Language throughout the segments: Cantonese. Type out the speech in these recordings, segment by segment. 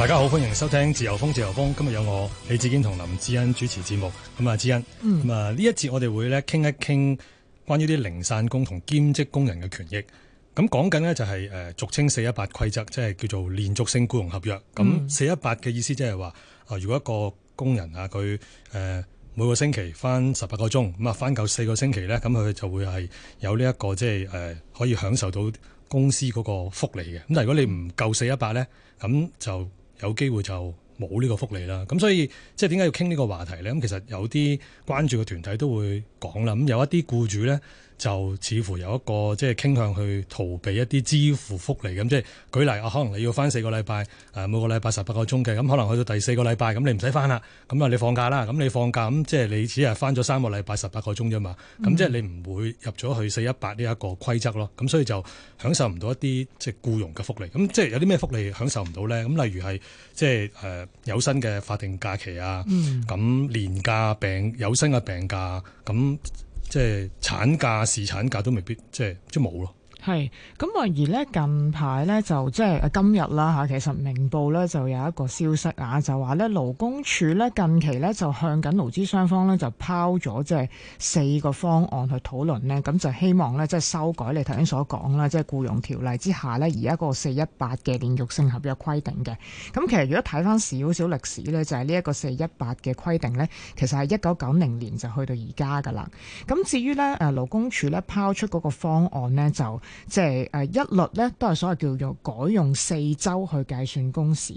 大家好，歡迎收聽自由風，自由風今日有我李志堅同林志恩主持節目。咁、嗯、啊，志恩，咁啊呢一節我哋會咧傾一傾關於啲零散工同兼職工人嘅權益。咁講緊呢，就係誒俗稱四一八規則，即係叫做連續性雇傭合約。咁四一八嘅意思即係話啊，如果一個工人啊佢誒每個星期翻十八個鐘，咁啊翻夠四個星期呢，咁佢就會係有呢、這、一個即係誒可以享受到公司嗰個福利嘅。咁但係如果你唔夠四一八呢，咁就有機會就冇呢個福利啦，咁所以即係點解要傾呢個話題呢？咁其實有啲關注嘅團體都會講啦，咁有一啲僱主呢，就似乎有一個即係傾向去逃避一啲支付福利咁，即係舉例啊，可能你要返四個禮拜，誒每個禮拜十八個鐘嘅，咁可能去到第四個禮拜，咁你唔使返啦，咁啊你放假啦，咁你放假咁即係你只係返咗三個禮拜十八個鐘啫嘛，咁即係你唔會入咗去四一八呢一個規則咯，咁所以就享受唔到一啲即係僱傭嘅福利。咁即係有啲咩福利享受唔到咧？咁例如係即係誒有薪嘅法定假期啊，咁年假病、病有薪嘅病假咁。即係產假、侍產假都未必，即係即冇咯。係，咁而呢近排呢，就即係今日啦吓，其實明報呢，就有一個消息啊，就話呢勞工處呢，近期呢，就向緊勞資雙方呢，就拋咗即係四個方案去討論呢，咁就希望呢，即係修改你頭先所講啦，即係僱傭條例之下呢，而家個四一八嘅連續性合約規定嘅。咁其實如果睇翻少少歷史呢，就係呢一個四一八嘅規定呢，其實係一九九零年就去到而家噶啦。咁至於呢誒勞工處呢，拋出嗰個方案呢，就。即係誒一律咧，都係所謂叫做改用四周去計算工時。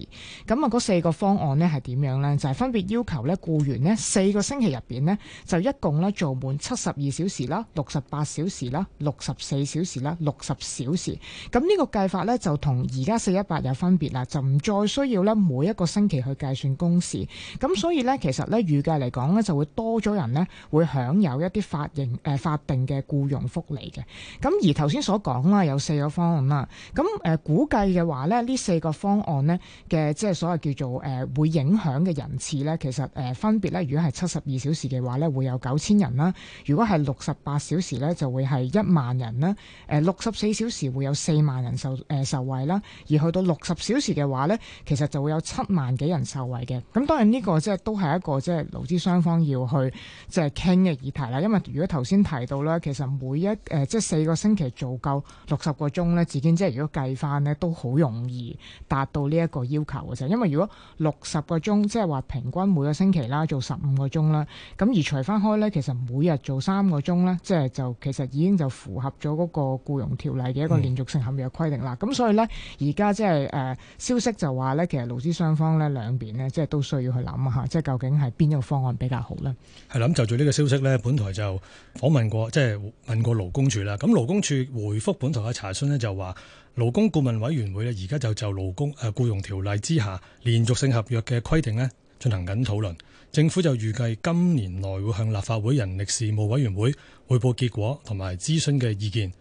咁啊，嗰四個方案呢係點樣呢？就係分別要求咧僱員呢四個星期入邊呢，就一共咧做滿七十二小時啦、六十八小時啦、六十四小時啦、六十小時。咁呢個計法呢，就同而家四一八有分別啦，就唔再需要咧每一個星期去計算工時。咁所以呢，其實呢預計嚟講呢，就會多咗人呢會享有一啲法型誒法定嘅僱用福利嘅。咁而頭先所講啦，有四個方案啦。咁誒、呃，估計嘅話呢，呢四個方案呢嘅，即係所謂叫做誒、呃，會影響嘅人次呢，其實誒、呃，分別呢。如果係七十二小時嘅話呢，會有九千人啦；如果係六十八小時呢，就會係一萬人啦；誒、呃，六十四小時會有四萬人受誒、呃、受惠啦；而去到六十小時嘅話呢，其實就會有七萬幾人受惠嘅。咁當然呢個即係都係一個即係勞資雙方要去即係傾嘅議題啦。因為如果頭先提到咧，其實每一誒、呃、即係四個星期做夠。六十個鐘呢，自兼即係如果計翻呢，都好容易達到呢一個要求嘅啫。因為如果六十個鐘，即係話平均每個星期啦做十五個鐘啦，咁而除翻開呢，其實每日做三個鐘呢，即係就其實已經就符合咗嗰個僱傭條例嘅一個連續性合約嘅規定啦。咁、嗯、所以呢，而家即係誒消息就話呢，其實勞資雙方呢兩邊呢，即係都需要去諗下，即係究竟係邊一個方案比較好呢？係啦，就住呢個消息呢，本台就訪問過，即係問過勞工處啦。咁勞工處回。覆本台嘅查詢呢，就話勞工顧問委員會呢，而家就就勞工誒僱傭條例之下連續性合約嘅規定呢進行緊討論，政府就預計今年內會向立法會人力事務委員會匯報結果同埋諮詢嘅意見，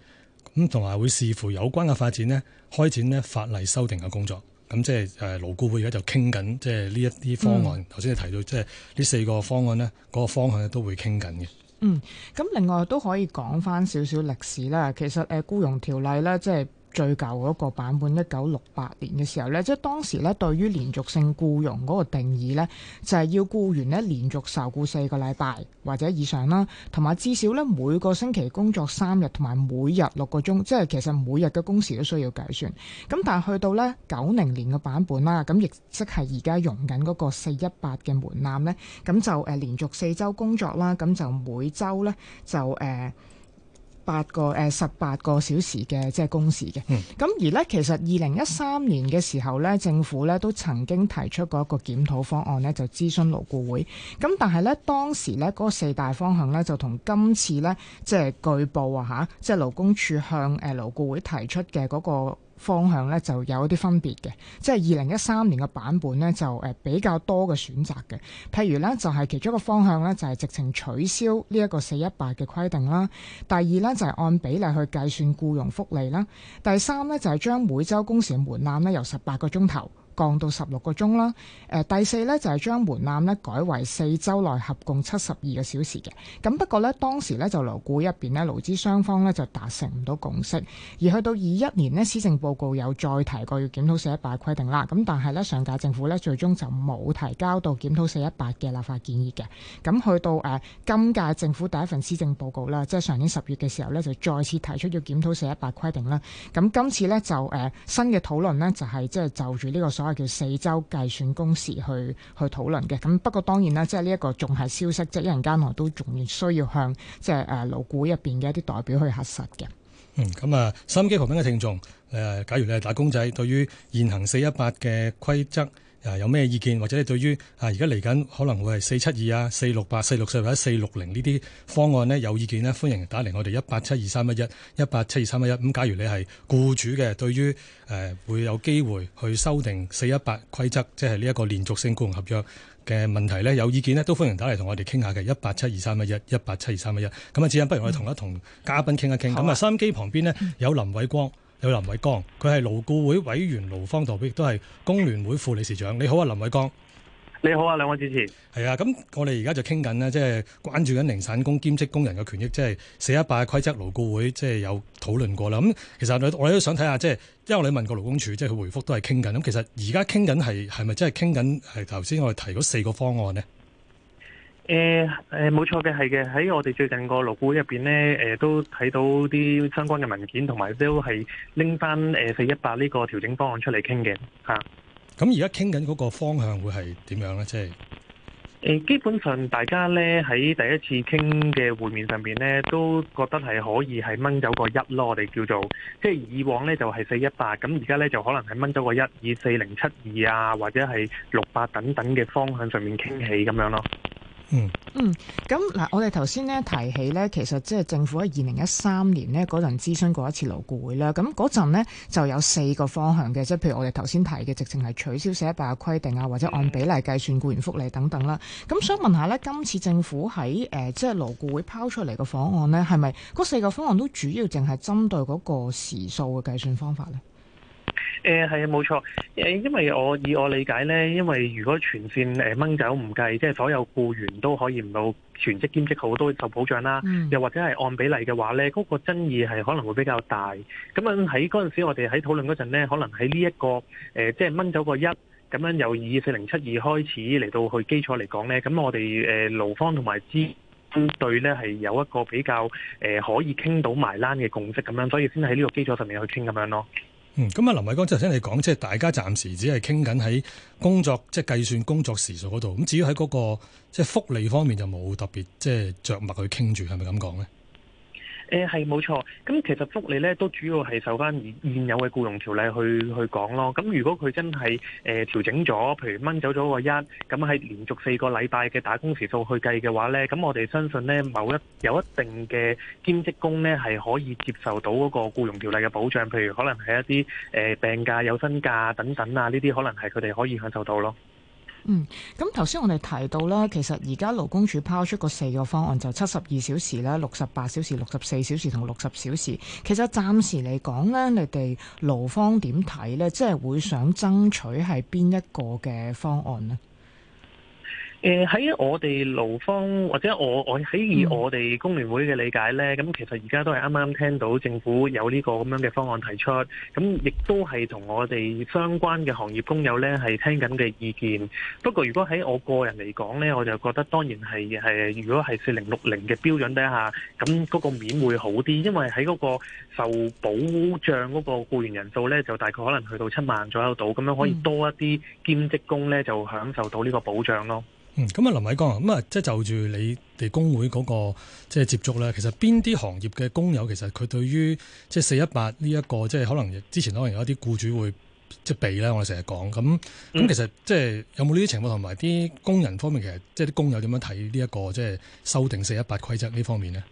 咁同埋會視乎有關嘅發展呢開展呢法例修訂嘅工作，咁即係誒勞顧會而家就傾緊即係呢一啲方案，頭先你提到即係呢四個方案呢嗰個方向都會傾緊嘅。嗯，咁另外都可以講翻少少歷史啦。其實誒僱傭條例咧，即係。最舊嗰個版本一九六八年嘅時候呢，即係當時呢對於連續性僱傭嗰個定義呢，就係要僱員連續受僱四個禮拜或者以上啦，同埋至少呢每個星期工作三日，同埋每日六個鐘，即係其實每日嘅工時都需要計算。咁但係去到呢九零年嘅版本啦，咁亦即係而家用緊嗰個四一八嘅門檻呢，咁就連續四周工作啦，咁就每周呢，就誒，八個誒十八個小時嘅即係工時嘅，咁、嗯、而呢，其實二零一三年嘅時候呢，政府呢都曾經提出過一個檢討方案呢，就諮詢勞顧會,會。咁但係呢，當時呢嗰、那個、四大方向呢，就同今次呢，即係據報啊嚇，即、就、係、是、勞工處向誒勞顧會提出嘅嗰、那個。方向咧就有一啲分別嘅，即係二零一三年嘅版本呢就誒比較多嘅選擇嘅，譬如呢，就係其中一個方向呢，就係直情取消呢一個四一八嘅規定啦，第二呢，就係按比例去計算僱傭福利啦，第三呢，就係將每週工時門檻呢由十八個鐘頭，降到十六個鐘啦，誒、呃、第四呢，就係、是、將門檻呢改為四周內合共七十二個小時嘅，咁不過呢，當時呢就勞顧入邊呢，勞資雙方呢就達成唔到共識，而去到二一年呢，施政報告有再提過要檢討四一八規定啦，咁但係呢，上屆政府呢最終就冇提交到檢討四一八嘅立法建議嘅，咁去到誒、呃、今屆政府第一份施政報告啦，即係上年十月嘅時候呢，就再次提出要檢討四一八規定啦，咁今次呢，就誒、呃、新嘅討論呢，就係即係就住呢個。所謂叫四周計算工時去去討論嘅，咁不過當然啦，即係呢一個仲係消息，即係一陣間我都仲要需要向即係誒勞顧會入邊嘅一啲代表去核實嘅。嗯，咁、嗯、啊、嗯，收音機旁邊嘅聽眾，誒、呃，假如你係打工仔，對於現行四一八嘅規則，誒、啊、有咩意見，或者你對於啊而家嚟緊可能會係四七二啊、四六八、四六四或者四六零呢啲方案呢，有意見呢？歡迎打嚟我哋一八七二三一一一八七二三一一。咁假如你係僱主嘅，對於誒、呃、會有機會去修訂四一八規則，即係呢一個連續性僱傭合約嘅問題呢，有意見呢？都歡迎打嚟同我哋傾下嘅一八七二三一一一八七二三一一。咁啊，主不如我哋同一同嘉賓傾一傾。咁啊，收音機旁邊呢、嗯，有林偉江。有林偉江，佢係勞僱會委員、勞方代表，亦都係工聯會副理事長。你好啊，林偉江。你好啊，兩位主持。係啊，咁我哋而家就傾緊咧，即係關注緊零散工、兼職工人嘅權益，即係四一八嘅規則勞僱會即係、就是、有討論過啦。咁、嗯、其實我哋都想睇下，即、就、係、是、因為我哋問過勞工處，即係佢回覆都係傾緊。咁、嗯、其實而家傾緊係係咪真係傾緊係頭先我哋提嗰四個方案呢。誒、呃、誒，冇錯嘅係嘅，喺我哋最近個勞顧入邊呢，誒、呃、都睇到啲相關嘅文件，同埋都係拎翻誒四一八呢個調整方案出嚟傾嘅吓。咁而家傾緊嗰個方向會係點樣呢？即、呃、係基本上大家呢，喺第一次傾嘅會面上面呢，都覺得係可以係掹走個一咯。我哋叫做即係以往呢，就係四一八，咁而家呢，就可能係掹走個一，以四零七二啊，或者係六八等等嘅方向上面傾起咁樣咯。嗯嗯，咁嗱，我哋頭先咧提起咧，其實即係政府喺二零一三年咧嗰陣諮詢過一次勞顧會啦，咁嗰陣呢就有四個方向嘅，即係譬如我哋頭先提嘅，直情係取消寫一百嘅規定啊，或者按比例計算雇員福利等等啦。咁想問下咧，今次政府喺誒即係勞顧會拋出嚟嘅方案呢，係咪嗰四個方案都主要淨係針對嗰個時數嘅計算方法呢？誒係啊，冇錯。誒，因為我以我理解咧，因為如果全線誒掹、呃、走唔計，即係所有僱員都可以唔到全職兼職好，好多受保障啦、嗯。又或者係按比例嘅話咧，嗰、嗰個爭議係可能會比較大。咁樣喺嗰陣時，我哋喺討論嗰陣咧，可能喺呢一個、呃、即係掹走個一咁樣，由二四零七二開始嚟到去基礎嚟講咧，咁我哋誒勞方同埋資方對咧係有一個比較、呃、可以傾到埋欄嘅共識咁樣，所以先喺呢個基礎上面去傾咁樣咯。嗯，咁啊，林偉江，即頭先你講，即大家暫時只係傾緊喺工作，即係計算工作時數嗰度。咁至於喺嗰個即係福利方面，就冇特別即係着墨去傾住，係咪咁講咧？誒係冇錯，咁其實福利咧都主要係受返現有嘅僱傭條例去去講咯。咁如果佢真係誒、呃、調整咗，譬如掹走咗個一，咁喺連續四個禮拜嘅打工時數去計嘅話咧，咁我哋相信咧某一有一定嘅兼職工咧係可以接受到嗰個僱傭條例嘅保障，譬如可能係一啲誒、呃、病假、有薪假等等啊，呢啲可能係佢哋可以享受到咯。嗯，咁頭先我哋提到啦，其實而家勞工處拋出個四個方案，就七十二小時啦、六十八小時、六十四小時同六十小時。其實暫時嚟講呢，你哋勞方點睇呢？即係會想爭取係邊一個嘅方案呢？誒喺我哋勞方或者我我喺以我哋工聯會嘅理解呢，咁其實而家都係啱啱聽到政府有呢個咁樣嘅方案提出，咁亦都係同我哋相關嘅行業工友呢係聽緊嘅意見。不過如果喺我個人嚟講呢，我就覺得當然係係，如果係四零六零嘅標準底下，咁嗰個面會好啲，因為喺嗰個受保障嗰個雇員人數呢，就大概可能去到七萬左右度，咁樣可以多一啲兼職工呢就享受到呢個保障咯。嗯，咁啊，林偉江啊，咁啊，即係就住你哋工會嗰個即係接觸咧，其實邊啲行業嘅工友，其實佢對於即係四一八呢一個即係可能之前可能有一啲僱主會即係避咧，我哋成日講，咁咁其實即係有冇呢啲情況，同埋啲工人方面，其實即係啲工友點樣睇呢一個即係修訂四一八規則呢方面呢？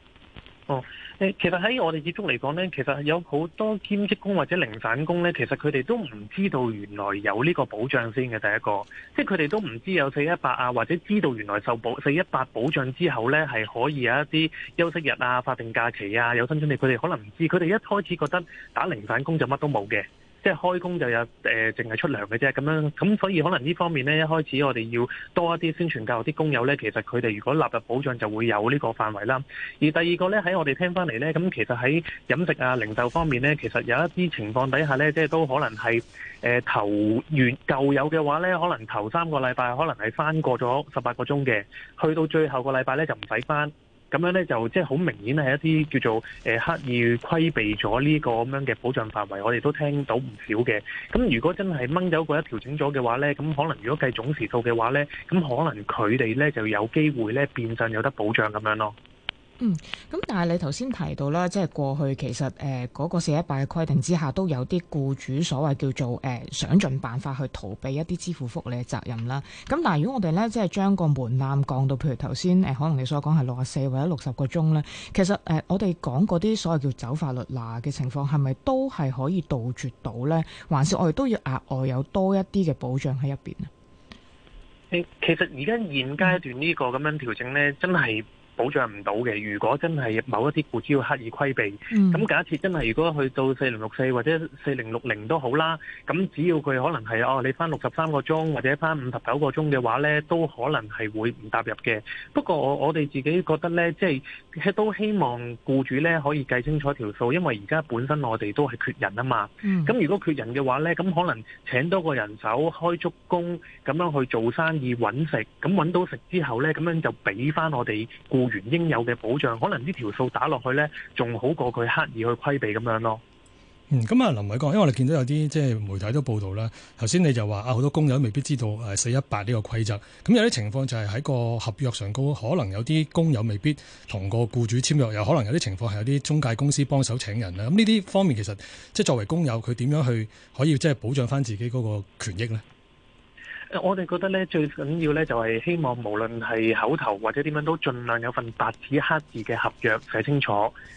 哦、嗯。其實喺我哋接觸嚟講呢，其實有好多兼職工或者零散工呢，其實佢哋都唔知道原來有呢個保障先嘅。第一個，即係佢哋都唔知有四一八啊，或者知道原來受保四一八保障之後呢，係可以有一啲休息日啊、法定假期啊、有薪津嘅。佢哋可能唔知，佢哋一開始覺得打零散工就乜都冇嘅。即係開工就有誒，淨、呃、係出糧嘅啫咁樣咁，所以可能呢方面呢，一開始我哋要多一啲宣傳，教育啲工友呢。其實佢哋如果納入保障就會有呢個範圍啦。而第二個呢，喺我哋聽翻嚟呢，咁其實喺飲食啊、零售方面呢，其實有一啲情況底下呢，即係都可能係誒、呃、頭完舊有嘅話呢，可能頭三個禮拜可能係翻過咗十八個鐘嘅，去到最後個禮拜呢，就唔使翻。咁樣呢，就即係好明顯係一啲叫做誒刻意規避咗呢個咁樣嘅保障範圍，我哋都聽到唔少嘅。咁如果真係掹走嗰一調整咗嘅話呢，咁可能如果計總時數嘅話呢，咁可能佢哋呢就有機會呢變相有得保障咁樣咯。嗯，咁但係你頭先提到啦，即係過去其實誒嗰，呃嗰個四一八嘅規定之下，都有啲僱主所謂叫做誒、呃、想盡辦法去逃避一啲支付福利嘅責任啦。咁但係如果我哋呢，即係將個門檻降到，譬如頭先誒，可能你所講係六十四或者六十個鐘呢，其實誒、呃、我哋講嗰啲所謂叫走法律罅嘅情況，係咪都係可以杜絕到呢？還是我哋都要額外有多一啲嘅保障喺入邊咧？其實而家現階段呢個咁樣調整呢，真係。保障唔到嘅。如果真係某一啲雇主要刻意規避，咁、嗯、假設真係如果去到四零六四或者四零六零都好啦，咁只要佢可能係哦，你翻六十三個鐘或者翻五十九個鐘嘅話咧，都可能係會唔踏入嘅。不過我我哋自己覺得咧，即、就、係、是、都希望雇主咧可以計清楚條數，因為而家本身我哋都係缺人啊嘛。咁、嗯、如果缺人嘅話咧，咁可能請多個人手開足工，咁樣去做生意揾食，咁揾到食之後咧，咁樣就俾翻我哋雇。原應有嘅保障，可能呢條數打落去呢，仲好過佢刻意去規避咁樣咯。嗯，咁啊，林偉江，因為我哋見到有啲即係媒體都報道啦。頭先你就話啊，好多工友未必知道誒、啊、四一八呢個規則。咁有啲情況就係喺個合約上高，可能有啲工友未必同個僱主簽約，又可能有啲情況係有啲中介公司幫手請人啦。咁呢啲方面其實即係作為工友，佢點樣去可以即係保障返自己嗰個權益呢？我哋覺得咧最緊要咧就係希望無論係口頭或者點樣，都盡量有份白紙黑字嘅合約寫清楚，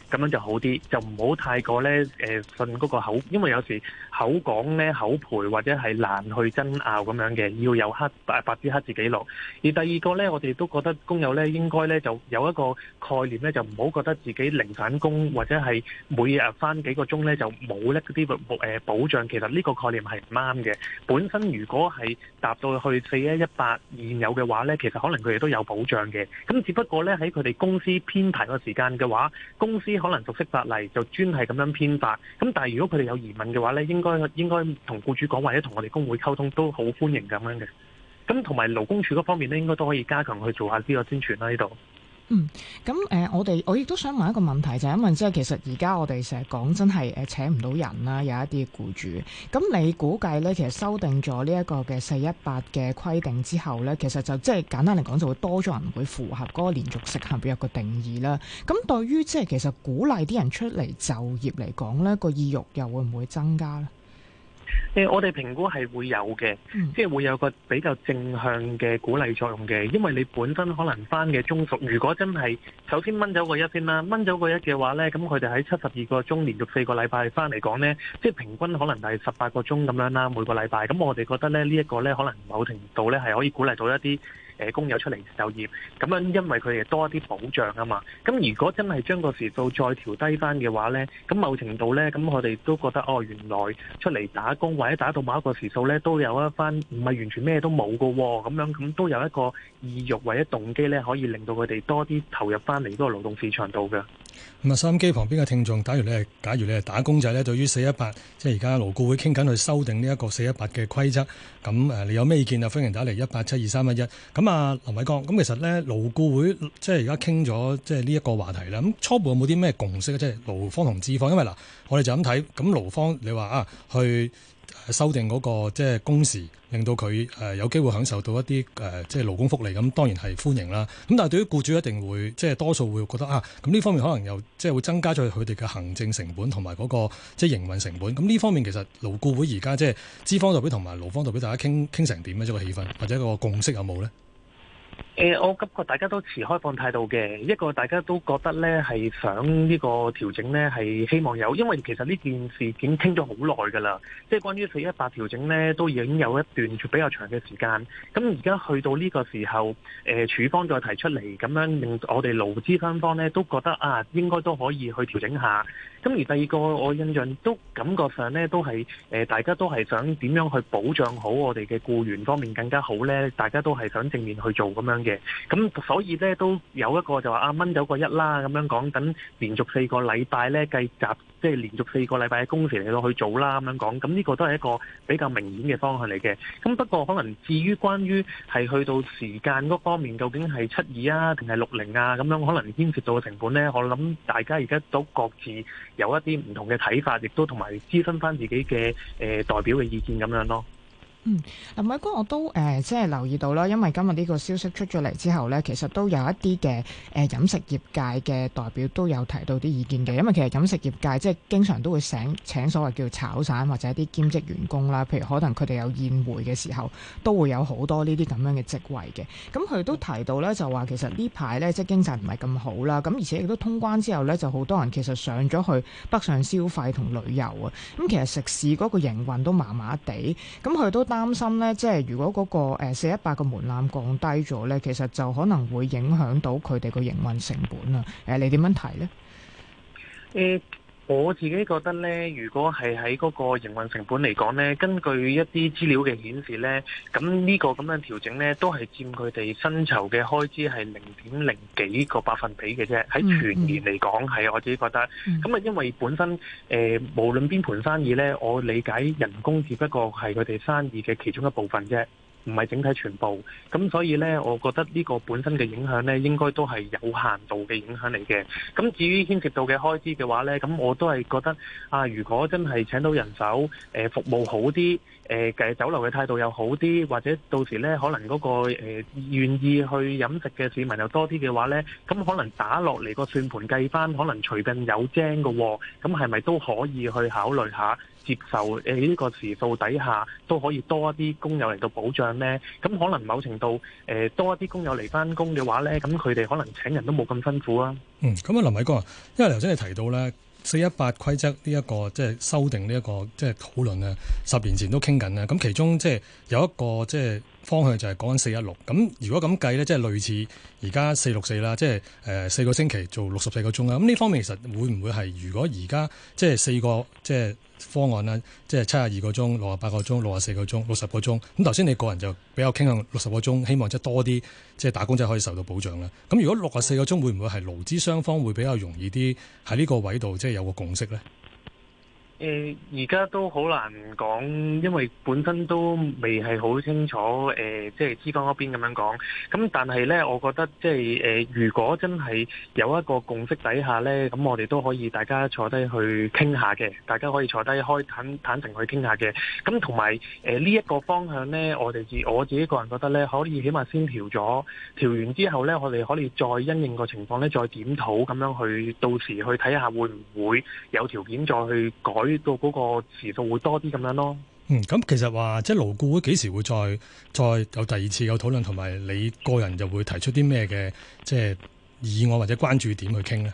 咁樣就好啲，就唔好太過咧誒信嗰個口，因為有時口講咧口賠或者係難去爭拗咁樣嘅，要有黑白白紙黑字記錄。而第二個咧，我哋都覺得工友咧應該咧就有一個概念咧，就唔好覺得自己零散工或者係每日返幾個鐘咧就冇呢啲保障。其實呢個概念係唔啱嘅。本身如果係搭到去四一一八現有嘅話呢，其實可能佢哋都有保障嘅。咁只不過呢，喺佢哋公司編排個時間嘅話，公司可能熟悉法例就專係咁樣編法。咁但係如果佢哋有疑問嘅話呢，應該應該同僱主講或者同我哋工會溝通都好歡迎咁樣嘅。咁同埋勞工處嗰方面呢，應該都可以加強去做下呢個宣傳啦，呢度。嗯，咁誒，我哋我亦都想問一個問題，就係因為即係其實而家我哋成日講真係誒，請唔到人啦，有一啲僱主，咁你估計咧，其實修訂咗呢一個嘅四一八嘅規定之後咧，其實就即係簡單嚟講就會多咗人會符合嗰個連續性合約嘅定義啦。咁對於即係其實鼓勵啲人出嚟就業嚟講咧，個意欲又會唔會增加咧？誒，我哋評估係會有嘅，即係會有個比較正向嘅鼓勵作用嘅，因為你本身可能翻嘅鐘數，如果真係首先掹走個一先啦，掹走個一嘅話呢，咁佢哋喺七十二個鐘連續四個禮拜翻嚟講呢，即係平均可能係十八個鐘咁樣啦，每個禮拜，咁我哋覺得呢，呢一個呢，可能某程度呢係可以鼓勵到一啲。誒工友出嚟就業，咁樣因為佢哋多一啲保障啊嘛。咁如果真係將個時數再調低翻嘅話呢，咁某程度呢，咁我哋都覺得哦，原來出嚟打工或者打到某一個時數呢，都有一番唔係完全咩都冇嘅喎。咁樣咁都有一個意欲或者動機呢，可以令到佢哋多啲投入翻嚟嗰個勞動市場度嘅。咁啊，收音機旁邊嘅聽眾，假如你係，假如你係打工仔咧，對於四一八，即係而家勞顧會傾緊去修訂呢一個四一八嘅規則，咁誒，你有咩意見啊？歡迎打嚟一八七二三一一。咁啊，林偉江，咁其實咧，勞顧會即係而家傾咗即係呢一個話題啦。咁初步有冇啲咩共識咧？即係勞方同資方，因為嗱，我哋就咁睇，咁勞方你話啊去。修訂嗰個即係工時，令到佢誒有機會享受到一啲誒即係勞工福利咁，當然係歡迎啦。咁但係對於僱主一定會即係多數會覺得啊，咁呢方面可能又即係會增加咗佢哋嘅行政成本同埋嗰個即係營運成本。咁呢方面其實勞顧會而家即係資方代表同埋勞方代表大家傾傾成點咧？即係個氣氛或者個共識有冇呢？誒、呃，我感覺大家都持開放態度嘅，一個大家都覺得呢係想呢個調整呢係希望有，因為其實呢件事已經傾咗好耐噶啦，即係關於四一八調整呢，都已經有一段比較長嘅時間，咁而家去到呢個時候，誒、呃，處方再提出嚟，咁樣令我哋勞資雙方呢都覺得啊，應該都可以去調整下。咁而第二個我印象都感覺上呢，都係誒、呃，大家都係想點樣去保障好我哋嘅雇員方面更加好呢，大家都係想正面去做咁樣。嘅，咁所以咧都有一個就話啊，掹走個一啦，咁樣講，等連續四個禮拜咧，繼集，即係，連續四個禮拜嘅工時嚟到去做啦，咁樣講，咁呢個都係一個比較明顯嘅方向嚟嘅。咁不過可能至於關於係去到時間嗰方面，究竟係七二啊，定係六零啊，咁樣可能牽涉到嘅成本咧，我諗大家而家都各自有一啲唔同嘅睇法，亦都同埋諮詢翻自己嘅誒、呃、代表嘅意見咁樣咯。嗯，林偉江我都誒即係留意到啦，因為今日呢個消息出咗嚟之後呢，其實都有一啲嘅誒飲食業界嘅代表都有提到啲意見嘅，因為其實飲食業界即係經常都會請請所謂叫炒散或者啲兼職員工啦，譬如可能佢哋有宴會嘅時候都會有好多呢啲咁樣嘅職位嘅，咁、嗯、佢都提到呢，就話其實呢排呢，即係經濟唔係咁好啦，咁而且亦都通關之後呢，就好多人其實上咗去北上消費同旅遊啊，咁、嗯、其實食肆嗰個營運都麻麻地，咁、嗯、佢都擔心咧，即係如果嗰個誒四一八嘅門檻降低咗咧，其實就可能會影響到佢哋個營運成本啊。誒，你點樣睇咧？嗯我自己覺得呢，如果係喺嗰個營運成本嚟講呢，根據一啲資料嘅顯示呢，咁呢個咁樣調整呢，都係佔佢哋薪酬嘅開支係零點零幾個百分比嘅啫。喺全年嚟講，係我自己覺得。咁啊，因為本身誒、呃，無論邊盤生意呢，我理解人工只不過係佢哋生意嘅其中一部分啫。唔係整體全部，咁所以呢，我覺得呢個本身嘅影響呢，應該都係有限度嘅影響嚟嘅。咁至於牽涉到嘅開支嘅話呢，咁我都係覺得啊，如果真係請到人手，呃，服務好啲。誒嘅酒樓嘅態度又好啲，或者到時呢，可能嗰、那個願、呃、願意去飲食嘅市民又多啲嘅話呢，咁可能打落嚟個算盤計翻，可能隨近有精嘅喎、哦，咁係咪都可以去考慮下接受誒呢、呃這個時數底下都可以多一啲工友嚟到保障呢？咁可能某程度、呃、多一啲工友嚟翻工嘅話呢，咁佢哋可能請人都冇咁辛苦啊。嗯，咁、嗯、啊林偉江，因為頭先你提到呢。四一八規則呢、這、一個即係、就是、修訂呢一個即係、就是、討論呀，十年前都傾緊咧。咁其中即係有一個即係方向就係講緊四一六。咁如果咁計呢，即、就、係、是、類似而家四六四啦，即係四個星期做六十四個鐘啦。咁呢方面其實會唔會係如果而家即係四個即係？就是方案啦，即係七十二個鐘、六十八個鐘、六十四個鐘、六十個鐘。咁頭先你個人就比較傾向六十個鐘，希望即係多啲，即係打工仔可以受到保障啦。咁如果六十四個鐘會唔會係勞資雙方會比較容易啲喺呢個位度，即係有個共識呢？誒而家都好難講，因為本身都未係好清楚。誒即係資方嗰邊咁樣講。咁但係呢，我覺得即係誒，如果真係有一個共識底下呢，咁我哋都可以大家坐低去傾下嘅。大家可以坐低開坦坦誠去傾下嘅。咁同埋誒呢一個方向呢，我哋自我自己個人覺得呢，可以起碼先調咗。調完之後呢，我哋可以再因應個情況呢，再檢討咁樣去到時去睇下會唔會有條件再去改。到嗰個時數會多啲咁樣咯。嗯，咁其實話即係勞顧會幾時會再再有第二次有討論，同埋你個人又會提出啲咩嘅，即係議案或者關注點去傾咧？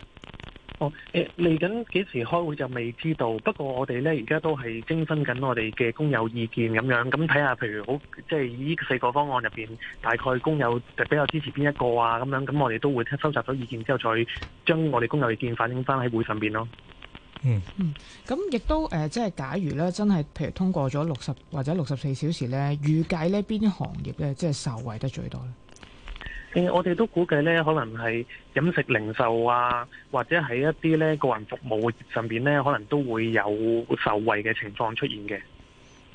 哦，誒嚟緊幾時開會就未知道，不過我哋咧而家都係徵詢緊我哋嘅工友意見咁樣。咁睇下譬如好即係呢四個方案入邊，大概工友就比較支持邊一個啊咁樣。咁我哋都會收集咗意見之後，再將我哋工友意見反映翻喺會上邊咯。嗯嗯，咁、嗯、亦都誒，即、呃、係假如咧，真係譬如通過咗六十或者六十四小時咧，預計呢邊啲行業咧，即係受惠得最多咧？誒、呃，我哋都估計咧，可能係飲食零售啊，或者喺一啲咧個人服務上邊咧，可能都會有受惠嘅情況出現嘅。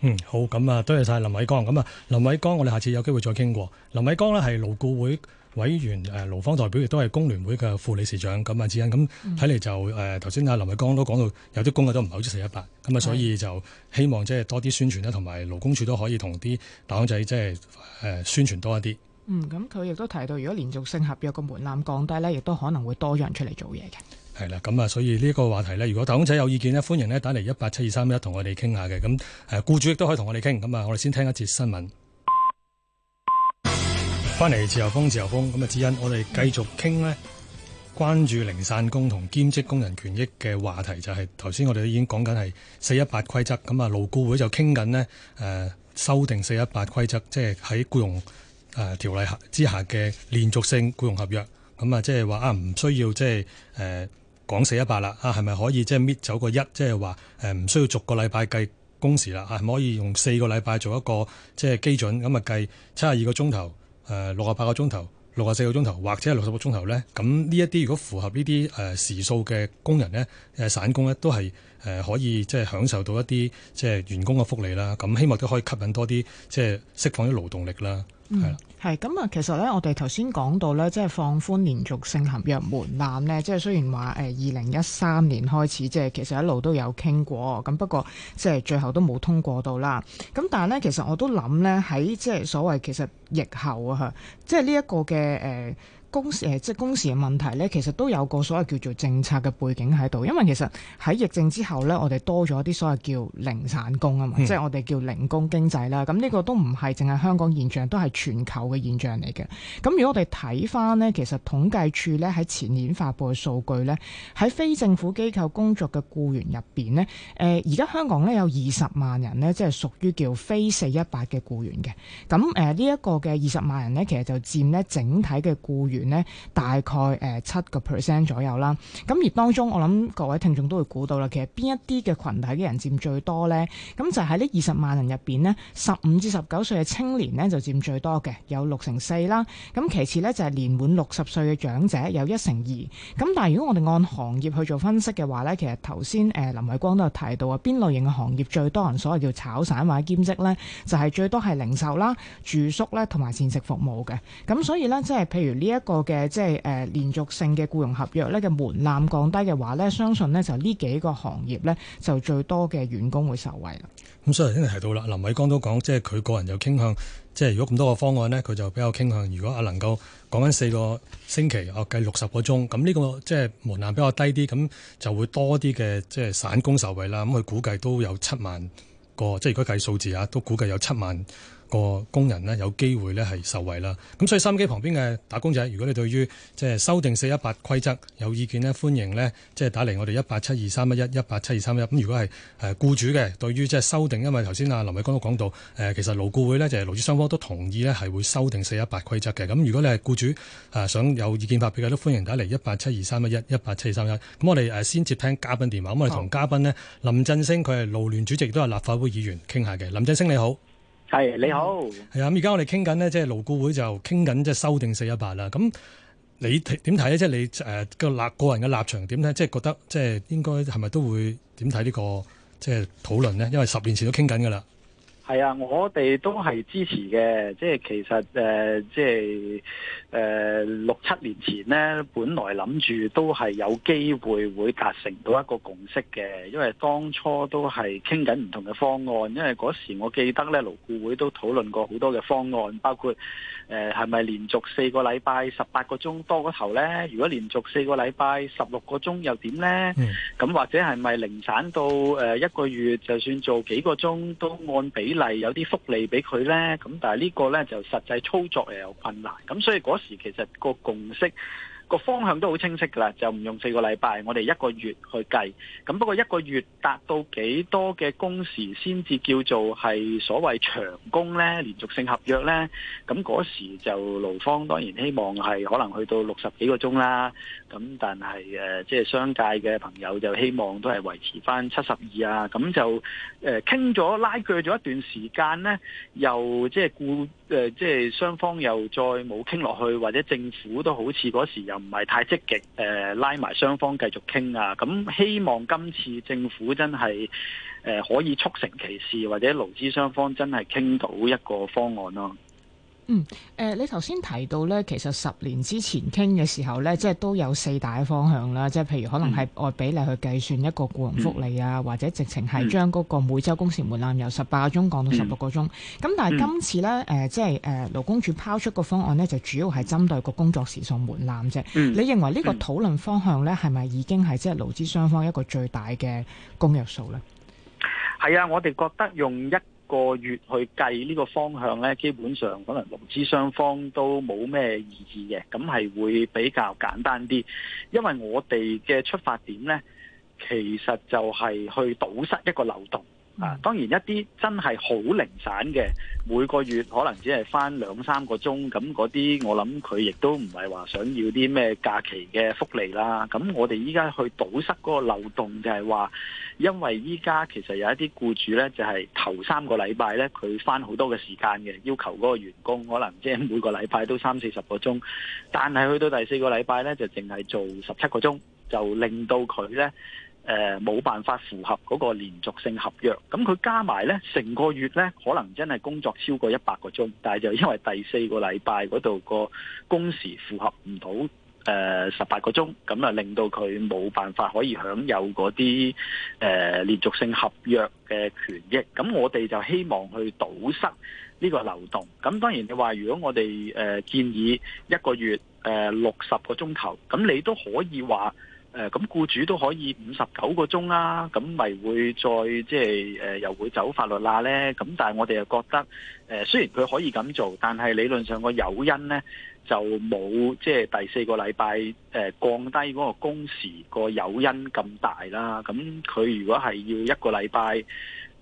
嗯，好，咁啊，多謝晒林偉江。咁啊，林偉江，我哋下次有機會再傾過。林偉江咧，係勞顧會委員，誒，勞方代表亦都係工聯會嘅副理事長。咁啊，之恩，咁睇嚟就，誒，頭先阿林偉江都講到有啲工啊，都唔係好中四一八，咁啊，所以就希望即係多啲宣傳啦，同埋勞工處都可以同啲打工仔即係誒宣傳多一啲。嗯，咁佢亦都提到，如果連續性合約嘅門檻降低呢，亦都可能會多咗人出嚟做嘢嘅。係啦，咁啊，所以呢個話題呢，如果打工仔有意見呢，歡迎呢打嚟一八七二三一同我哋傾下嘅。咁誒，雇主亦都可以同我哋傾。咁啊，我哋先聽一節新聞。翻嚟自由風，自由風咁啊！智恩，我哋繼續傾呢，關注零散工同兼職工人權益嘅話題就係頭先，我哋已經講緊係四一八規則咁啊。勞顧會就傾緊呢誒，修訂四一八規則，即係喺僱傭誒條例之下嘅連續性僱傭合約咁啊，即係話啊，唔需要即係誒講四一八啦啊，係咪可以即係搣走個一，即係話誒唔需要逐個禮拜計工時啦啊，係咪可以用四個禮拜做一個即係基準咁啊，計七十二個鐘頭？誒六啊八個鐘頭、六啊四個鐘頭或者係六啊六鐘頭咧，咁呢一啲如果符合呢啲誒時數嘅工人咧，誒散工咧都係誒可以即係享受到一啲即係員工嘅福利啦。咁希望都可以吸引多啲即係釋放啲勞動力啦。嗯，係，咁啊，其實咧，我哋頭先講到咧，即係放寬連續性合約門檻咧，即係雖然話誒，二零一三年開始，即係其實一路都有傾過，咁不過即係最後都冇通過到啦。咁但係咧，其實我都諗咧，喺即係所謂其實疫後啊吓，即係呢一個嘅誒。呃工時，即係工時嘅問題呢，其實都有個所謂叫做政策嘅背景喺度，因為其實喺疫症之後呢，我哋多咗啲所謂叫零散工啊嘛、嗯，即係我哋叫零工經濟啦。咁呢個都唔係淨係香港現象，都係全球嘅現象嚟嘅。咁如果我哋睇翻呢，其實統計處呢，喺前年發布嘅數據呢，喺非政府機構工作嘅僱員入邊呢，誒而家香港呢，有二十萬人呢，即係屬於叫非四一八嘅僱員嘅。咁誒呢一個嘅二十萬人呢，其實就佔呢整體嘅僱員。咧大概誒七個 percent 左右啦。咁而當中，我諗各位聽眾都會估到啦，其實邊一啲嘅群體嘅人佔最多呢？咁就喺呢二十萬人入邊呢，十五至十九歲嘅青年呢就佔最多嘅，有六成四啦。咁其次呢，就係、是、年滿六十歲嘅長者，有一成二。咁但係如果我哋按行業去做分析嘅話呢，其實頭先誒林偉光都有提到啊，邊類型嘅行業最多人所謂叫炒散或者兼職呢，就係、是、最多係零售啦、住宿啦同埋膳食服務嘅。咁所以呢，即係譬如呢、這、一個。嘅即係誒、呃、連續性嘅僱傭合約咧嘅門檻降低嘅話咧，相信咧就呢幾個行業咧就最多嘅員工會受惠啦。咁所以頭先提到啦，林偉江都講，即係佢個人有傾向，即係如果咁多個方案咧，佢就比較傾向，如果啊能夠講緊四個星期，我、啊、計六十個鐘，咁呢、這個即係門檻比較低啲，咁就會多啲嘅即係散工受惠啦。咁佢估計都有七萬個，即係如果計數字啊，都估計有七萬。個工人呢，有機會呢係受惠啦。咁所以收音機旁邊嘅打工仔，如果你對於即係修訂四一八規則有意見呢，歡迎呢即係打嚟我哋一八七二三一一一八七二三一。咁如果係誒僱主嘅，對於即係修訂，因為頭先阿林偉江都講到誒，其實勞顧會呢，就係勞資雙方都同意呢係會修訂四一八規則嘅。咁如果你係僱主誒想有意見發表嘅，都歡迎打嚟一八七二三一一一八七二三一。咁我哋誒先接聽嘉賓電話，咁我哋同嘉賓呢，林振昇，佢係勞聯主席，亦都係立法會議員，傾下嘅。林振昇你好。係你好，係啊！咁而家我哋傾緊呢，即係勞顧會就傾緊即係修訂四一八啦。咁你點睇咧？即係你誒個立個人嘅立場點睇？即係覺得即係應該係咪都會點睇呢個即係討論呢，因為十年前都傾緊噶啦。係啊，我哋都係支持嘅。即係其實誒、呃，即係誒、呃，六七年前呢，本來諗住都係有機會會達成到一個共識嘅。因為當初都係傾緊唔同嘅方案。因為嗰時我記得呢，勞顧會都討論過好多嘅方案，包括誒係咪連續四個禮拜十八個鐘多過頭呢？如果連續四個禮拜十六個鐘又點呢？咁或者係咪零散到誒一個月就算做幾個鐘都按比例。例有啲福利俾佢咧，咁但係呢個咧就實際操作又有困難。咁所以嗰時其實個共識，個方向都好清晰㗎啦，就唔用四個禮拜，我哋一個月去計。咁不過一個月達到幾多嘅工時先至叫做係所謂長工咧，連續性合約咧。咁嗰時就勞方當然希望係可能去到六十幾個鐘啦。咁但係誒，即係商界嘅朋友就希望都係維持返七十二啊。咁就誒傾咗拉鋸咗一段時間咧，又即係顧誒，即係雙方又再冇傾落去，或者政府都好似嗰時有。唔係太積極，誒、呃、拉埋雙方繼續傾啊。咁、嗯、希望今次政府真係誒、呃、可以促成其事，或者勞資雙方真係傾到一個方案咯、啊。嗯，誒、呃，你頭先提到咧，其實十年之前傾嘅時候咧，即係都有四大方向啦，即係譬如可能係按比例去計算一個僱傭福利啊，嗯、或者直情係將嗰個每周工時門檻由十八個鐘降到十六個鐘。咁、嗯、但係今次咧，誒、嗯呃，即係誒，勞工處拋出個方案咧，就主要係針對個工作時數門檻啫、嗯。你認為呢個討論方向咧，係、嗯、咪已經係即係勞資雙方一個最大嘅公約數咧？係啊，我哋覺得用一。個月去計呢個方向呢，基本上可能勞資雙方都冇咩異議嘅，咁係會比較簡單啲，因為我哋嘅出發點呢，其實就係去堵塞一個漏洞。啊，當然一啲真係好零散嘅，每個月可能只係返兩三個鐘，咁嗰啲我諗佢亦都唔係話想要啲咩假期嘅福利啦。咁我哋依家去堵塞嗰個漏洞就係話，因為依家其實有一啲僱主呢，就係頭三個禮拜呢，佢返好多嘅時間嘅，要求嗰個員工可能即係每個禮拜都三四十個鐘，但係去到第四個禮拜呢，就淨係做十七個鐘，就令到佢呢。誒、呃、冇辦法符合嗰個連續性合約，咁佢加埋呢成個月呢，可能真係工作超過一百個鐘，但係就因為第四個禮拜嗰度個工時符合唔到誒十八個鐘，咁啊令到佢冇辦法可以享有嗰啲誒連續性合約嘅權益。咁我哋就希望去堵塞呢個漏洞。咁當然你話如果我哋誒、呃、建議一個月誒六十個鐘頭，咁你都可以話。誒咁雇主都可以五十九個鐘啦，咁咪會再即係誒、呃、又會走法律罅咧？咁但係我哋又覺得誒、呃、雖然佢可以咁做，但係理論上個誘因咧就冇即係第四個禮拜誒降低嗰個工時個誘因咁大啦。咁佢如果係要一個禮拜。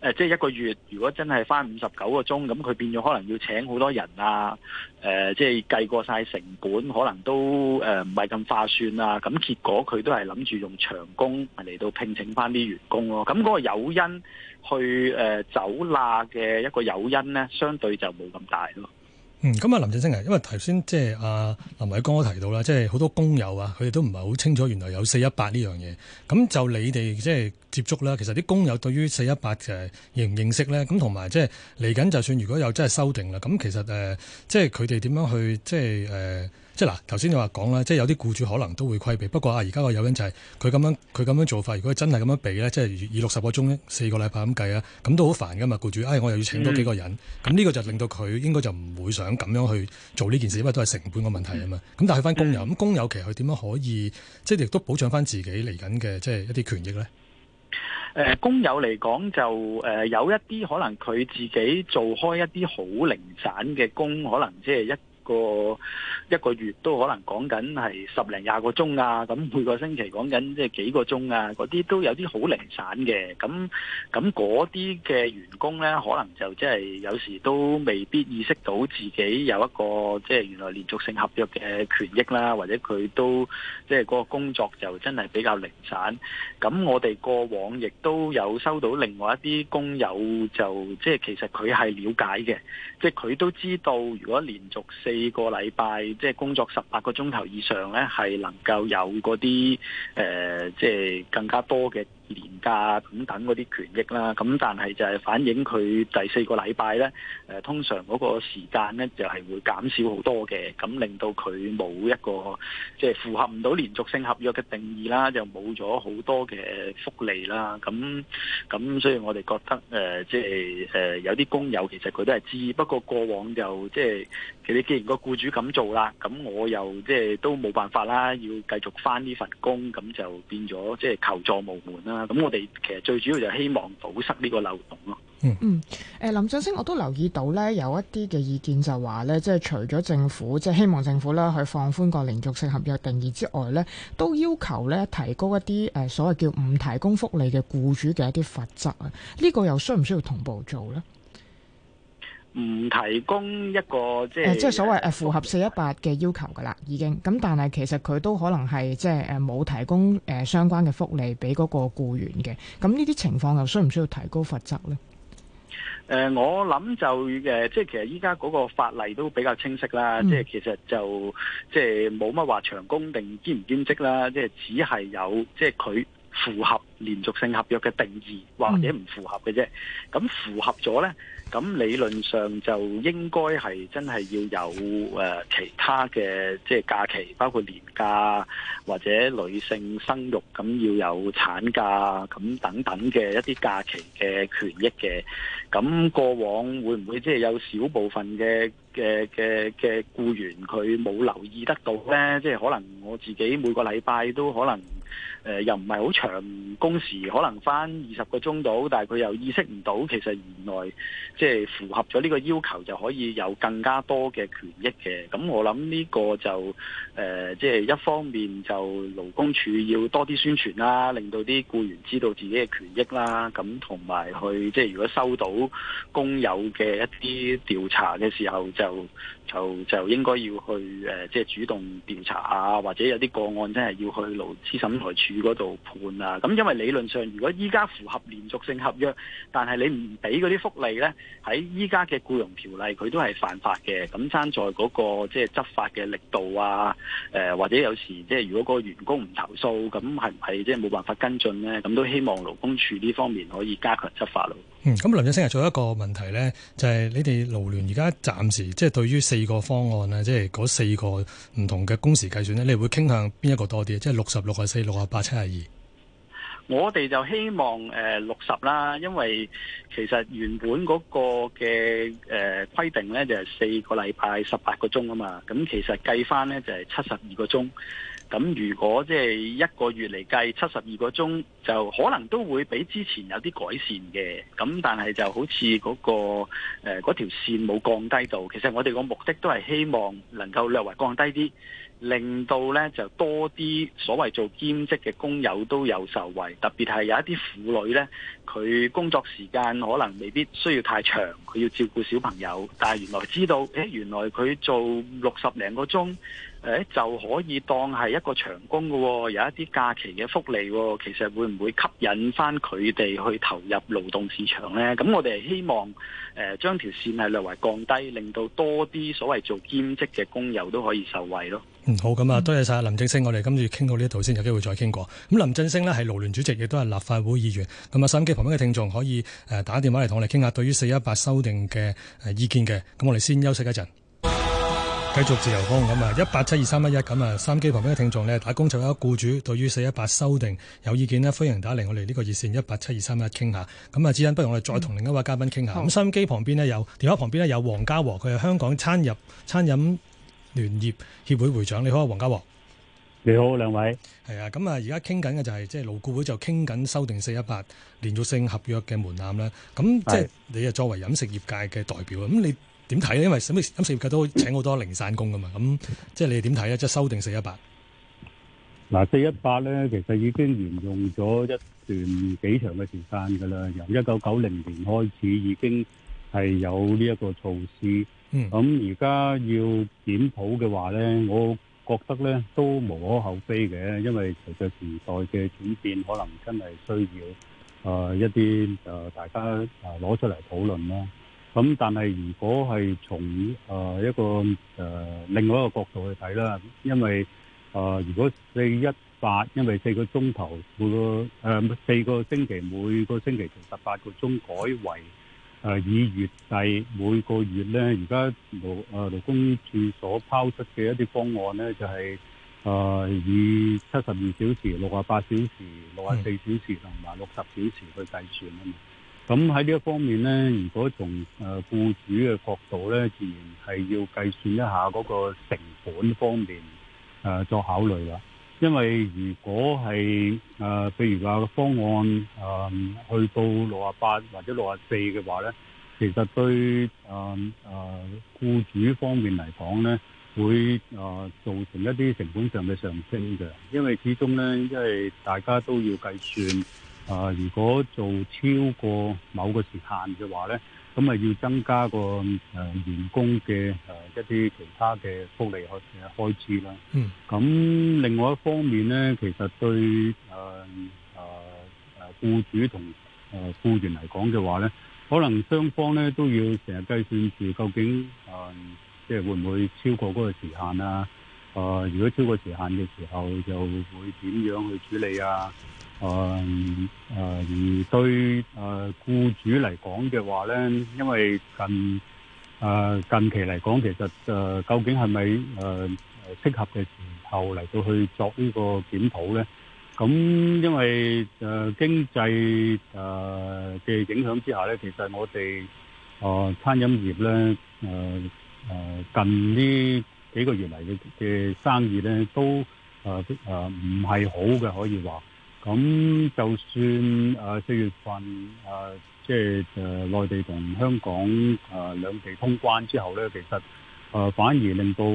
誒、呃、即係一個月，如果真係翻五十九個鐘，咁佢變咗可能要請好多人啊！誒、呃、即係計過晒成本，可能都誒唔係咁化算啊！咁結果佢都係諗住用長工嚟到聘請翻啲員工咯、啊。咁嗰個誘因去誒、呃、走罅嘅一個誘因呢，相對就冇咁大咯。嗯，咁啊，林振昇啊，因為頭先即係啊林偉江都提到啦，即係好多工友啊，佢哋都唔係好清楚原來有四一八呢樣嘢。咁就你哋即係接觸啦，其實啲工友對於四一八就係認唔認識咧？咁同埋即係嚟緊，就算如果有真係修訂啦，咁其實即係佢哋點樣去即係誒？呃即係嗱，頭先你話講啦，即係有啲僱主可能都會規避，不過啊，而家個誘因就係佢咁樣佢咁樣做法，如果他真係咁樣避咧，即係以六十個鐘，四個禮拜咁計啊，咁都好煩噶嘛，僱主，哎，我又要請多幾個人，咁呢個就令到佢應該就唔會想咁樣去做呢件事，因為都係成本嘅問題啊嘛。咁、嗯、但係翻工友，咁工友其實佢點樣可以，即係亦都保障翻自己嚟緊嘅，即係一啲權益咧？誒、呃，工友嚟講就誒、呃，有一啲可能佢自己做開一啲好零散嘅工，可能即係一。個一個月都可能講緊係十零廿個鐘啊，咁每個星期講緊即係幾個鐘啊，嗰啲都有啲好零散嘅。咁咁嗰啲嘅員工呢，可能就即係有時都未必意識到自己有一個即係、就是、原來連續性合約嘅權益啦，或者佢都即係嗰個工作就真係比較零散。咁我哋過往亦都有收到另外一啲工友就即係、就是、其實佢係了解嘅，即係佢都知道如果連續性。四個禮拜即係工作十八個鐘頭以上咧，係能夠有嗰啲誒，即係更加多嘅，年假等等嗰啲權益啦，咁但係就係反映佢第四個禮拜咧，誒通常嗰個時間咧就係、是、會減少好多嘅，咁令到佢冇一個即係、就是、符合唔到連續性合約嘅定義啦，就冇咗好多嘅福利啦，咁咁所以我哋覺得誒即係誒有啲工友其實佢都係知，不過過往就即係佢哋既然個僱主咁做啦，咁我又即係、就是、都冇辦法啦，要繼續翻呢份工，咁就變咗即係求助無門啦。啊！咁我哋其實最主要就是希望堵塞呢個漏洞咯。嗯嗯，誒、欸、林俊升，我都留意到呢，有一啲嘅意見就話呢，即、就、係、是、除咗政府即係、就是、希望政府呢去放寬個連續性合約定義之外呢，都要求呢提高一啲誒、呃、所謂叫唔提供福利嘅僱主嘅一啲罰則啊。呢、這個又需唔需要同步做呢？唔提供一個即係、就是呃，即係所謂誒符合四一八嘅要求噶啦，已經咁。但係其實佢都可能係即係誒冇提供誒相關嘅福利俾嗰個僱員嘅。咁呢啲情況又需唔需要提高罰則呢？誒、呃，我諗就誒，即係其實依家嗰個法例都比較清晰啦。即、嗯、係其實就即係冇乜話長工定兼唔兼職啦。即係只係有即係佢。就是他符合連續性合約嘅定義，或者唔符合嘅啫。咁符合咗呢，咁理論上就應該係真係要有誒其他嘅即係假期，包括年假或者女性生育咁要有產假咁等等嘅一啲假期嘅權益嘅。咁過往會唔會即係有少部分嘅嘅嘅嘅雇員佢冇留意得到呢？即係可能我自己每個禮拜都可能。誒、呃，又唔係好長工時，可能返二十個鐘度，但係佢又意識唔到，其實原來即係符合咗呢個要求就可以有更加多嘅權益嘅。咁我諗呢個就誒，即、呃、係、就是、一方面就勞工處要多啲宣傳啦，令到啲僱員知道自己嘅權益啦。咁同埋去即係如果收到工友嘅一啲調查嘅時候，就就就應該要去誒，即、呃、係、就是、主動調查啊，或者有啲個案真係要去勞資審台處嗰度判啊，咁因為理論上，如果依家符合連續性合約，但係你唔俾嗰啲福利呢，喺依家嘅僱傭條例，佢都係犯法嘅。咁爭在嗰個即係執法嘅力度啊，誒，或者有時即係如果個員工唔投訴，咁係唔係即係冇辦法跟進呢？咁都希望勞工處呢方面可以加強執法咯。嗯，咁林振昇又做一個問題呢，就係、是、你哋勞聯而家暫時即係對於四個方案，即係嗰四個唔同嘅工時計算呢，你會傾向邊一個多啲？即係六十啊、六四啊、六八、七二。我哋就希望誒，六十啦，因為其實原本嗰個嘅誒規定呢，就係、是、四個禮拜十八個鐘啊嘛，咁其實計翻呢，就係七十二個鐘。咁如果即係一個月嚟計七十二個鐘，就可能都會比之前有啲改善嘅。咁但係就好似嗰個、呃、嗰條線冇降低到。其實我哋個目的都係希望能夠略為降低啲，令到呢就多啲所謂做兼職嘅工友都有受惠。特別係有一啲婦女呢，佢工作時間可能未必需要太長，佢要照顧小朋友。但係原來知道，欸、原來佢做六十零個鐘。就可以當係一個長工嘅，有一啲假期嘅福利，其實會唔會吸引翻佢哋去投入勞動市場呢？咁我哋希望誒將條線係略為降低，令到多啲所謂做兼職嘅工友都可以受惠咯。嗯，好，咁啊，多謝晒林振昇。我哋今次傾到呢度先，有機會再傾過。咁林振昇呢，係勞聯主席，亦都係立法會議員。咁啊，手機旁邊嘅聽眾可以誒打電話嚟同我哋傾下對於四一八修訂嘅誒意見嘅。咁我哋先休息一陣。繼續自由風咁啊，一八七二三一一咁啊，三機旁邊嘅聽眾呢，打工就有一僱主，對於四一八修訂有意見呢，歡迎打嚟我哋呢個熱線一八七二三一傾下。咁啊，之因不如我哋再同另一位嘉賓傾下。咁、嗯、收音機旁邊呢，有電話旁邊呢，有黃家和，佢係香港餐入餐飲聯業協會會長。你好啊，黃家和。你好，兩位。係啊，咁啊，而家傾緊嘅就係即係勞顧會就傾緊修訂四一八連續性合約嘅門檻啦。咁即係你啊，作為飲食業界嘅代表，咁你。點睇咧？因為咁四月季都請好多零散工噶嘛，咁即係你點睇咧？即係收定四一八？嗱，四一八咧，其實已經沿用咗一段幾長嘅時間噶啦，由一九九零年開始已經係有呢一個措施。嗯。咁而家要檢討嘅話咧，我覺得咧都無可厚非嘅，因為隨着時代嘅轉變，可能真係需要啊一啲啊大家啊攞出嚟討論啦。咁、嗯、但係如果係從誒、呃、一個誒、呃、另外一個角度去睇啦，因為誒、呃、如果四一八，因為四個鐘頭每個誒四、呃、個星期每個星期從十八個鐘改為誒以、呃、月計每個月咧，而家勞誒勞工處所拋出嘅一啲方案咧，就係、是、誒、呃、以七十二小時、六十八小時、六十四小時同埋六十小時去計算啊嘛。嗯嗯。咁喺呢一方面咧，如果從誒僱主嘅角度咧，自然係要計算一下嗰個成本方面誒作、呃、考慮啦。因為如果係誒譬如話個方案誒、呃、去到六啊八或者六啊四嘅話咧，其實對誒誒僱主方面嚟講咧，會誒、呃、造成一啲成本上嘅上升嘅，因為始終咧，因為大家都要計算。啊、呃！如果做超過某個時限嘅話咧，咁啊要增加個誒、呃、員工嘅誒、呃、一啲其他嘅福利的開誒開支啦。嗯。咁另外一方面咧，其實對誒誒誒僱主同誒、呃、僱員嚟講嘅話咧，可能雙方咧都要成日計算住究竟誒、呃、即係會唔會超過嗰個時限啊？啊、呃！如果超過時限嘅時候，就會點樣去處理啊？誒誒，而對誒僱主嚟講嘅話咧，因為近誒近期嚟講，其實誒究竟係咪誒適合嘅時候嚟到去做呢個檢討咧？咁因為誒經濟誒嘅影響之下咧，其實我哋誒餐飲業咧誒誒近呢幾個月嚟嘅嘅生意咧都誒誒唔係好嘅，可以話。咁就算四月份啊即係，內地同香港啊兩地通關之後咧，其實反而令到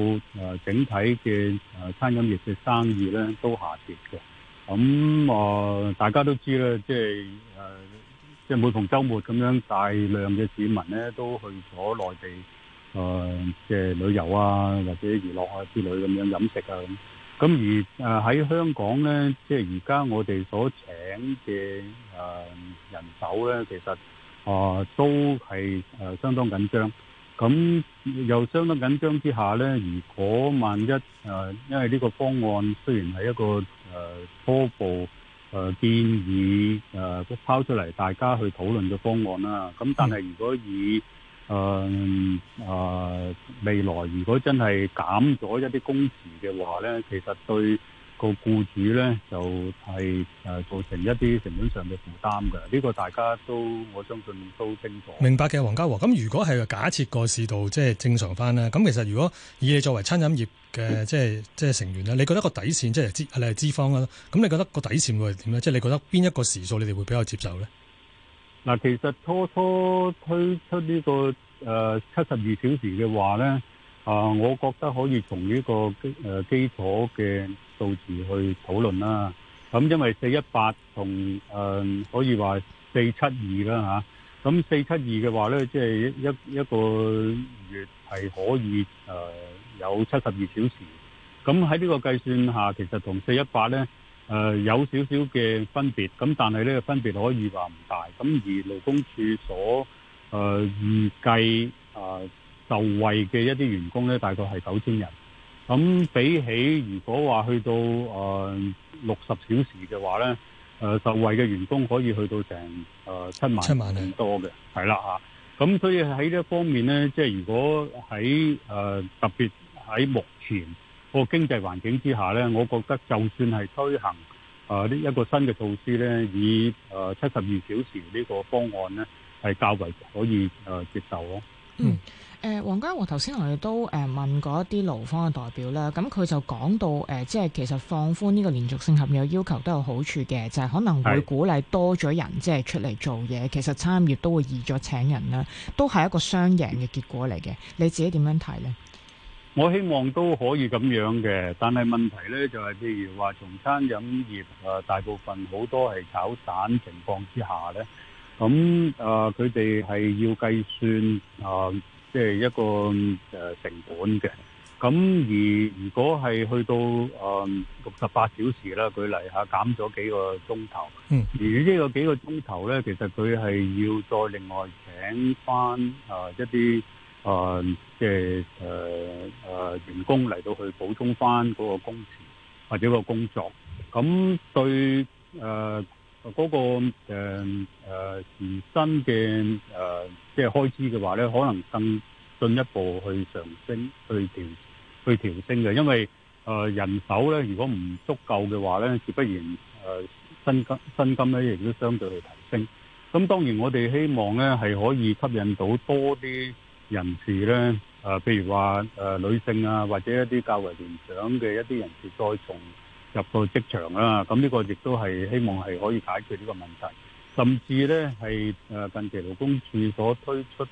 整體嘅啊餐飲業嘅生意咧都下跌嘅。咁啊大家都知道即係誒即係每逢週末咁樣大量嘅市民咧都去咗內地誒即係旅遊啊或者娛樂啊之類咁樣飲食啊咁。咁而誒喺香港咧，即係而家我哋所請嘅誒人手咧，其實啊都係誒相當緊張。咁又相當緊張之下咧，如果萬一誒，因為呢個方案雖然係一個誒初步誒建議誒，都拋出嚟大家去討論嘅方案啦。咁但係如果以誒、呃呃、未來如果真係減咗一啲工時嘅話咧，其實對個僱主咧就係誒造成一啲成本上嘅負擔嘅。呢、這個大家都我相信都清楚，明白嘅，黃家和。咁如果係假設個市道即係、就是、正常翻咧，咁其實如果以你作為餐飲業嘅即係即係成員咧，你覺得個底線即係脂你係資方啦，咁你覺得個底線會係點咧？即、就、係、是、你覺得邊一個時數你哋會比較接受咧？嗱，其實初初推出呢個誒七十二小時嘅話咧，啊，我覺得可以從呢個基誒基礎嘅數字去討論啦。咁因為四一八同誒可以話四七二啦嚇，咁四七二嘅話咧，即係一一個月係可以誒有七十二小時。咁喺呢個計算下，其實同四一八咧，誒、呃、有少少嘅分別，咁但係呢個分別可以話唔大。咁而勞工處所誒預、呃、計誒受惠嘅一啲員工咧，大概係九千人。咁比起如果話去到誒六十小時嘅話咧，誒受惠嘅員工可以去到成誒七萬七萬零多嘅，係啦嚇。咁、啊、所以喺呢一方面咧，即係如果喺誒、呃、特別喺目前，那個經濟環境之下咧，我覺得就算係推行誒呢、呃、一個新嘅措施咧，以誒七十二小時呢個方案咧，係較為可以誒、呃、接受咯。嗯，誒、呃，黃家和頭先我哋都誒、呃、問過一啲勞方嘅代表啦，咁佢就講到誒、呃，即係其實放寬呢個連續性合約要求都有好處嘅，就係、是、可能會鼓勵多咗人即係出嚟做嘢，其實參與都會易咗請人啦，都係一個雙贏嘅結果嚟嘅。你自己點樣睇咧？我希望都可以咁樣嘅，但係問題咧就係，譬如話從餐飲業啊，大部分好多係炒散情況之下咧，咁啊佢哋係要計算啊，即係一個誒成本嘅。咁而如果係去到啊六十八小時啦，舉例吓減咗幾個鐘頭，嗯，而呢個幾個鐘頭咧，其實佢係要再另外請翻啊一啲。誒，即係誒誒，員工嚟到去補充翻嗰個工程或者個工作，咁對誒嗰個誒誒自身嘅誒即係開支嘅話咧，可能更進一步去上升去調去調升嘅，因為誒人手咧如果唔足夠嘅話咧，自不然誒薪金薪金咧亦都相對去提升。咁當然我哋希望咧係可以吸引到多啲。人士咧，誒，譬如話誒女性啊，或者一啲較為年長嘅一啲人士再從入到職場啦，咁呢個亦都係希望係可以解決呢個問題，甚至咧係誒近期勞工處所、所推出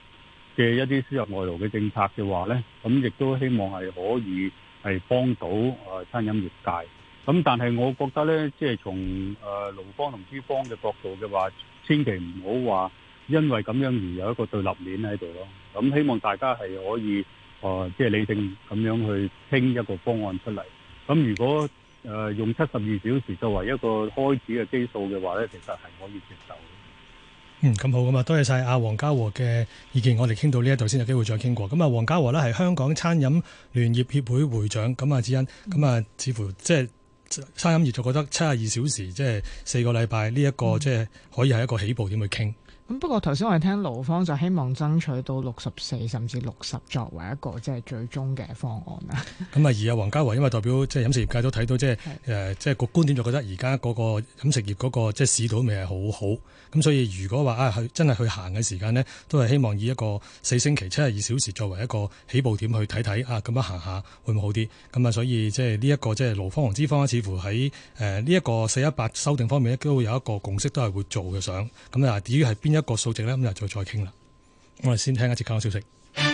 嘅一啲輸入外勞嘅政策嘅話咧，咁亦都希望係可以係幫到誒、呃、餐飲業界。咁但係我覺得咧，即係從誒、呃、勞方同資方嘅角度嘅話，千祈唔好話。因為咁樣而有一個對立面喺度咯，咁希望大家係可以，誒、呃，即、就、係、是、理性咁樣去傾一個方案出嚟。咁如果誒、呃、用七十二小時作為一個開始嘅基數嘅話呢，其實係可以接受的。嗯，咁好噶啊，多謝晒阿黃家和嘅意見，我哋傾到呢一度先，有機會再傾過。咁啊，黃家和呢係香港餐飲聯業協會會，會長，咁啊，子欣，咁啊，似乎即係餐飲業就覺得七十二小時，即係四個禮拜呢一、這個，嗯、即係可以係一個起步點去傾。咁不過頭先我哋聽勞方就希望爭取到六十四甚至六十作為一個即係最終嘅方案啦。咁啊而阿黃家和因為代表即係飲食業界都睇到即係誒即係個觀點就覺得而家嗰個飲食業嗰個即係市道未係好好，咁所以如果話啊去真係去行嘅時間呢，都係希望以一個四星期七十二小時作為一個起步點去睇睇啊咁樣一行一下會唔會好啲？咁啊所以即係呢一個即係勞方同資方似乎喺誒呢一個四一八修訂方面咧，都有一個共識，都係會做嘅想。咁啊至於係邊一個數值咧，咁就再再傾啦。我哋先聽下即刻嘅消息。